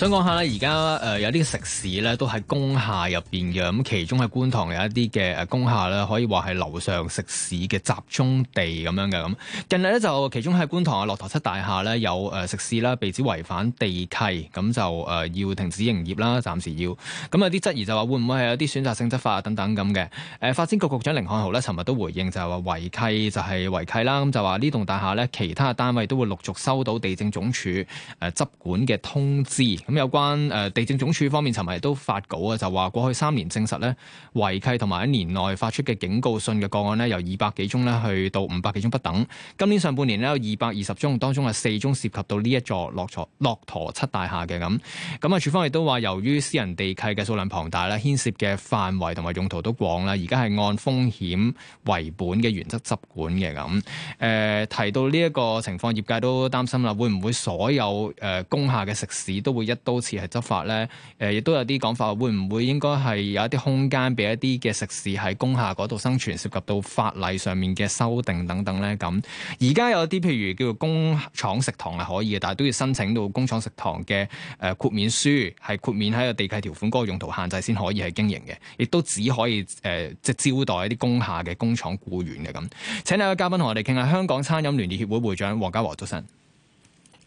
想講下咧，而家誒有啲食肆咧都喺工廈入面嘅，咁其中喺觀塘有一啲嘅誒工廈咧，可以話係樓上食肆嘅集中地咁樣嘅。咁近日咧就其中喺觀塘啊，駱駝七大廈咧有、呃、食肆啦，被指違反地契，咁就誒、呃、要停止營業啦，暫時要。咁有啲質疑就話會唔會係有啲選擇性執法等等咁嘅？誒、呃、發展局局長凌漢豪咧，尋日都回應就係話違契就係違契啦，咁就話呢棟大廈咧，其他單位都會陸續收到地政總署誒、呃、執管嘅通知。咁有關誒地政總署方面，尋日都發稿啊，就話過去三年證實咧違契同埋一年內發出嘅警告信嘅個案咧，由二百幾宗咧去到五百幾宗不等。今年上半年咧有二百二十宗，當中係四宗涉及到呢一座駱駝駱駝七大廈嘅咁。咁啊處方亦都話，由於私人地契嘅數量龐大啦，牽涉嘅範圍同埋用途都廣啦，而家係按風險為本嘅原則執管嘅咁。誒、呃、提到呢一個情況，業界都擔心啦，會唔會所有誒工廈嘅食肆都會一？多次係執法咧，誒亦都有啲講法，會唔會應該係有一啲空間俾一啲嘅食肆喺工廈嗰度生存，涉及到法例上面嘅修訂等等咧？咁而家有啲譬如叫做工廠食堂係可以嘅，但係都要申請到工廠食堂嘅誒、呃、豁免書，係豁免喺個地契條款嗰個用途限制先可以係經營嘅，亦都只可以誒、呃、即係招待一啲工廈嘅工廠雇員嘅咁。請兩位嘉賓同我哋傾下香港餐飲聯業協會會,會長黃家和早晨。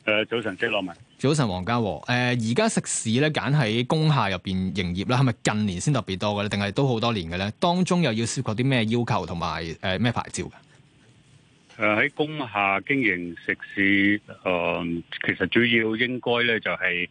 誒，早晨，即樂文。早晨，黃家和。誒、呃，而家食肆咧揀喺工廈入邊營業啦。係咪近年先特別多嘅咧，定係都好多年嘅咧？當中又要涉及啲咩要求同埋誒咩牌照嘅？誒、呃，喺工廈經營食肆，誒、呃，其實主要應該咧就係、是、誒、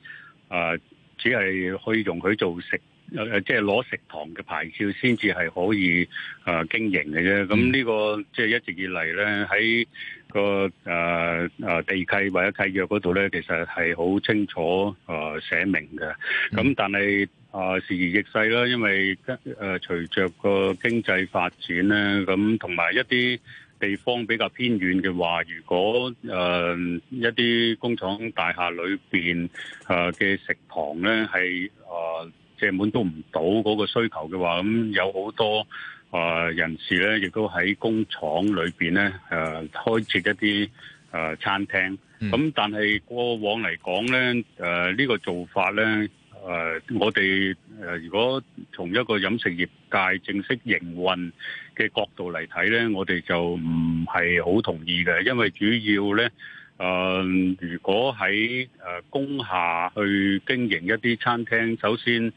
呃，只係可以容許做食誒、呃，即係攞食堂嘅牌照先至係可以誒、呃、經營嘅啫。咁、嗯、呢、這個即係一直以嚟咧喺。個誒誒地契或者契約嗰度咧，其實係好清楚誒寫明嘅。咁、嗯、但係啊，時移勢易啦，因為誒隨着個經濟發展咧，咁同埋一啲地方比較偏遠嘅話，如果誒一啲工廠大廈裏邊誒嘅食堂咧係誒借滿都唔到嗰個需求嘅話，咁有好多。啊、呃，人士咧，亦都喺工廠裏面咧，誒、呃，開設一啲誒、呃、餐廳。咁、嗯、但係過往嚟講咧，誒、呃、呢、這個做法咧，誒、呃、我哋誒如果從一個飲食業界正式營運嘅角度嚟睇咧，我哋就唔係好同意嘅，因為主要咧，誒、呃、如果喺誒工廈去經營一啲餐廳，首先。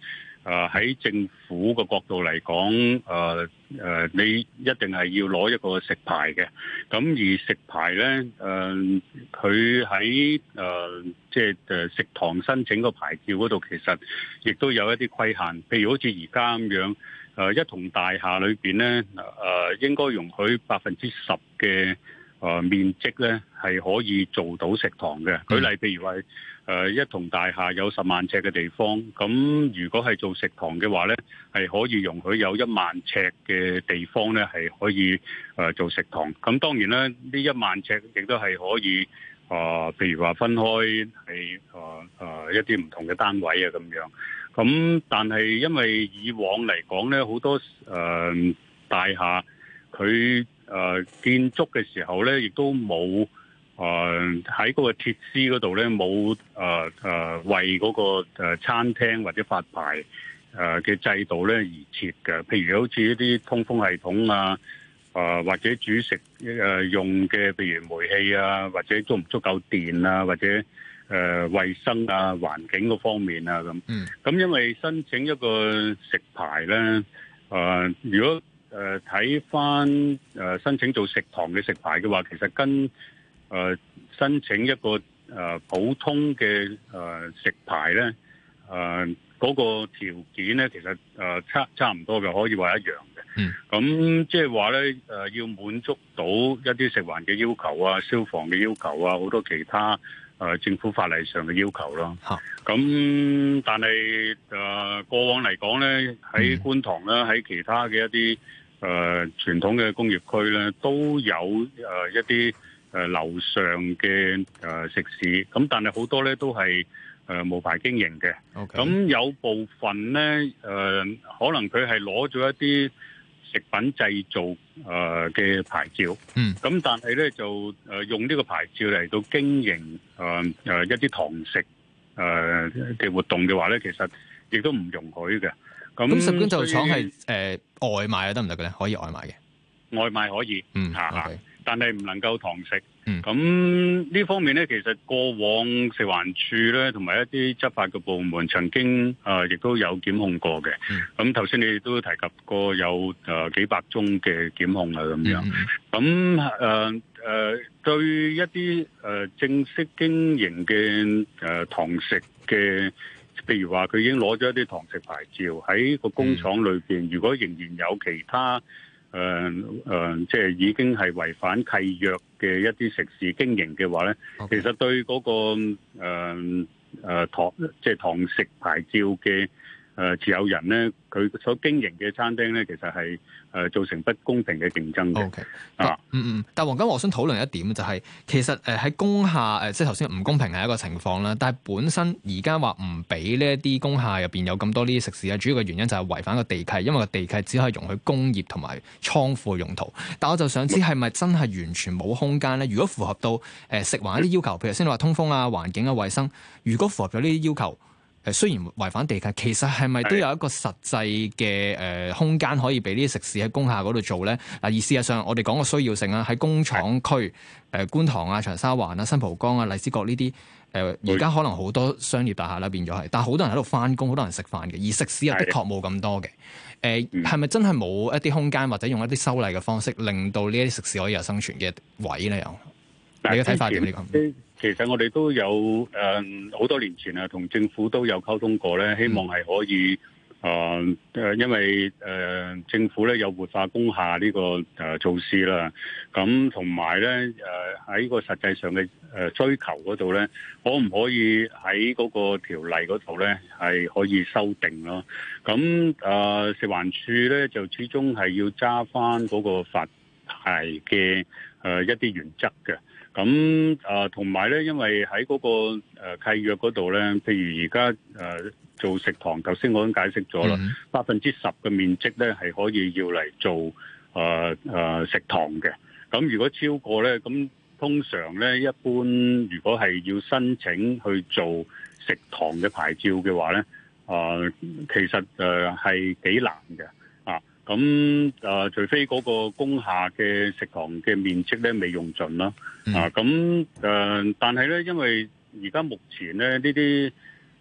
誒喺政府嘅角度嚟講，誒誒，你一定係要攞一個食牌嘅。咁而食牌咧，誒，佢喺誒，即係食堂申請個牌照嗰度，其實亦都有一啲規限。譬如好似而家咁樣，誒，一棟大廈裏面咧，誒，應該容許百分之十嘅，誒面積呢係可以做到食堂嘅，舉例譬如話一棟大廈有十萬尺嘅地方，咁如果係做食堂嘅話呢係可以容許有一萬尺嘅地方呢係可以誒做食堂。咁當然啦，呢一萬尺亦都係可以誒，呃、譬如話分開係誒、呃呃、一啲唔同嘅單位啊咁樣。咁但係因為以往嚟講呢好多誒、呃、大廈佢。誒建築嘅時候咧，亦都冇誒喺嗰個設施嗰度咧冇誒誒為嗰個誒餐廳或者發牌誒嘅制度咧而設嘅。譬如好似一啲通風系統啊，誒、呃、或者煮食誒用嘅，譬如煤氣啊，或者足唔足夠電啊，或者誒衞、呃、生啊、環境嗰方面啊咁。嗯，咁因為申請一個食牌咧，誒、呃、如果。誒、呃，睇翻誒申請做食堂嘅食牌嘅話，其實跟誒、呃、申請一個誒、呃、普通嘅誒、呃、食牌咧誒嗰個條件咧，其實誒、呃、差差唔多嘅，可以話一樣嘅。嗯。咁即係話咧，誒、呃、要滿足到一啲食環嘅要求啊、消防嘅要求啊，好多其他誒、呃、政府法例上嘅要求咯。吓。咁但係誒、呃、過往嚟講咧，喺觀塘啦，喺其他嘅一啲。誒、呃、傳統嘅工業區咧，都有誒一啲誒樓上嘅誒、呃、食肆，咁但係好多咧都係誒、呃、無牌經營嘅。咁、Okay. 有部分咧誒、呃，可能佢係攞咗一啲食品製造誒嘅、呃、牌照。嗯、mm.，咁但係咧就用呢個牌照嚟到經營誒、呃、一啲堂食誒嘅、呃、活動嘅話咧，其實亦都唔容許嘅。咁喺工廈係誒外賣啊得唔得嘅咧？可以外賣嘅，外賣可以，嗯吓，但係唔能夠堂食。嗯、咁、okay、呢方面咧，其實過往食環署咧同埋一啲執法嘅部門曾經誒亦、呃、都有檢控過嘅。咁頭先你都提及過有誒、呃、幾百宗嘅檢控啊咁樣。咁誒誒，對一啲誒、呃、正式經營嘅誒、呃、堂食嘅。譬如話，佢已經攞咗一啲堂食牌照喺個工廠裏邊，如果仍然有其他誒誒，即係已經係違反契約嘅一啲食肆經營嘅話咧，okay. 其實對嗰個誒誒堂，即係堂食牌照嘅。誒、呃、持有人咧，佢所經營嘅餐廳咧，其實係誒、呃、造成不公平嘅競爭嘅、okay。啊，嗯嗯。但黃家和想討論一點就係、是，其實誒喺、呃、工廈誒、呃，即係頭先唔公平係一個情況啦。但係本身而家話唔俾呢一啲工廈入邊有咁多呢啲食肆啊，主要嘅原因就係違反個地契，因為個地契只可以容許工業同埋倉庫用途。但我就想知係咪真係完全冇空間咧？如果符合到誒、呃、食環一啲要求，譬如先你話通風啊、環境啊、衞生，如果符合咗呢啲要求。誒雖然違反地契，其實係咪都有一個實際嘅誒空間可以俾呢啲食肆喺工廈嗰度做咧？嗱，而事實上我哋講個需要性啊，喺工廠區誒、呃、觀塘啊、長沙灣啊、新蒲崗、啊、荔枝角呢啲誒，而家可能好多商業大廈啦變咗係，但係好多人喺度翻工，好多人食飯嘅，而食肆又的確冇咁多嘅。誒係咪真係冇一啲空間，或者用一啲修例嘅方式，令到呢一啲食肆可以有生存嘅位咧？又你嘅睇法點你咁？其實我哋都有誒好多年前啊，同政府都有溝通過咧，希望係可以誒，因為誒政府咧有活化工廈呢個誒措施啦。咁同埋咧誒喺個實際上嘅誒需求嗰度咧，可唔可以喺嗰個條例嗰度咧係可以修訂咯？咁誒食環署咧就始終係要揸翻嗰個發牌嘅誒一啲原則嘅。咁啊，同埋咧，因為喺嗰、嗰個、呃、契約嗰度咧，譬如而家誒做食堂，頭先我已經解釋咗啦，mm. 百分之十嘅面積咧係可以要嚟做誒、呃呃、食堂嘅。咁如果超過咧，咁通常咧一般如果係要申請去做食堂嘅牌照嘅話咧，啊、呃、其實誒係、呃、幾難嘅。咁誒、呃，除非嗰個工廈嘅食堂嘅面積咧未用盡啦、嗯，啊咁誒，但係咧，因為而家目前咧呢啲誒、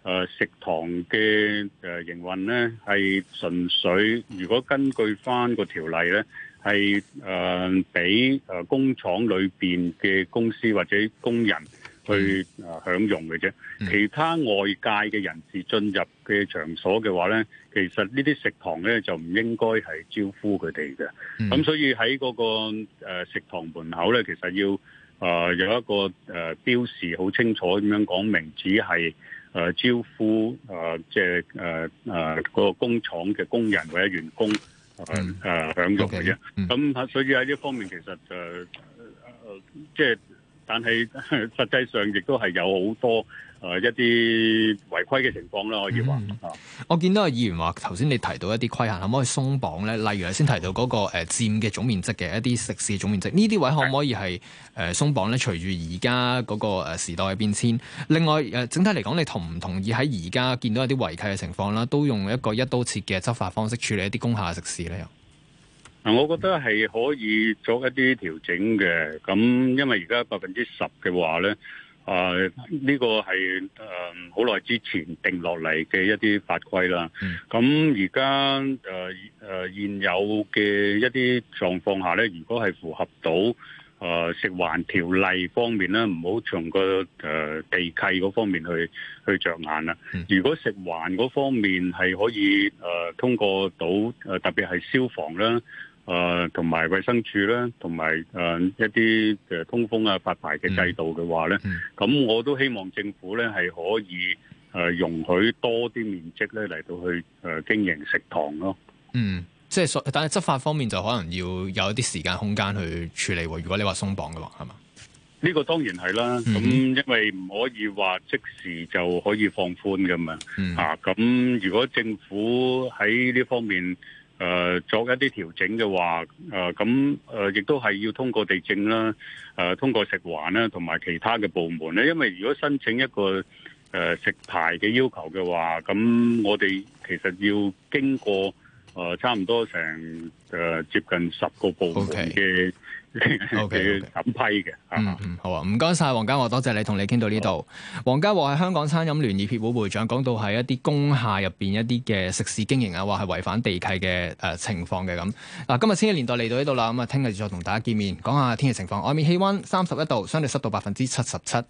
呃、食堂嘅誒營運咧係純粹，如果根據翻個條例咧，係誒俾誒工廠裏邊嘅公司或者工人去誒享用嘅啫、嗯，其他外界嘅人士進入。佢嘅場所嘅話咧，其實呢啲食堂咧就唔應該係招呼佢哋嘅。咁、嗯、所以喺嗰個食堂門口咧，其實要啊、呃、有一個誒、呃、標示，好清楚咁樣講明，只係誒、呃、招呼誒即係誒誒嗰個工廠嘅工人或者員工誒誒、呃嗯呃、享用嘅啫。咁、okay, 嗯、所以喺呢方面，其實就誒、呃呃、即係。但係實際上亦都係有好多誒、呃、一啲違規嘅情況啦，可以話、嗯。我見到阿議員話頭先你提到一啲規限，可唔可以鬆綁咧？例如你先提到嗰、那個誒、呃、佔嘅總面積嘅一啲食肆嘅總面積，呢啲位置可唔可以係誒、呃、鬆綁咧？隨住而家嗰個誒時代嘅變遷。另外誒整體嚟講，你同唔同意喺而家見到一啲違規嘅情況啦，都用一個一刀切嘅執法方式處理一啲工廈嘅食肆咧？我覺得係可以作一啲調整嘅。咁因為而家百分之十嘅話呢，啊、呃、呢、呢個係誒好耐之前定落嚟嘅一啲法規啦。咁而家誒誒現有嘅一啲狀況下呢，如果係符合到誒、呃、食環條例方面呢，唔好從個誒地契嗰方面去去着眼啦。如果食環嗰方面係可以誒、呃、通過到誒，特別係消防啦。誒、呃，同埋衛生署咧，同埋誒一啲誒通風啊、發牌嘅制度嘅話咧，咁、嗯嗯、我都希望政府咧係可以誒容許多啲面積咧嚟到去誒經營食堂咯。嗯，即係所，但係執法方面就可能要有一啲時間空間去處理喎。如果你話鬆綁嘅話，係嘛？呢、這個當然係啦。咁、嗯、因為唔可以話即時就可以放寬噶嘛、嗯。啊，咁如果政府喺呢方面。誒、呃、做一啲調整嘅話，誒咁誒亦都係要通過地政啦，誒、呃、通過食環啦，同埋其他嘅部門咧。因為如果申請一個誒、呃、食牌嘅要求嘅話，咁我哋其實要經過誒、呃、差唔多成誒、呃、接近十個部門嘅。 O.K.，批、okay. 嘅、嗯。嗯嗯，好啊，唔該晒。黃家和，多謝你同你傾到呢度。黃家和係香港餐飲聯業協會會長，講到係一啲工廈入面一啲嘅食肆經營啊，或係違反地契嘅情況嘅咁。嗱、啊，今日星期年代嚟到呢度啦，咁啊，聽日再同大家見面，講下天氣情況。外面氣温三十一度，相對濕度百分之七十七。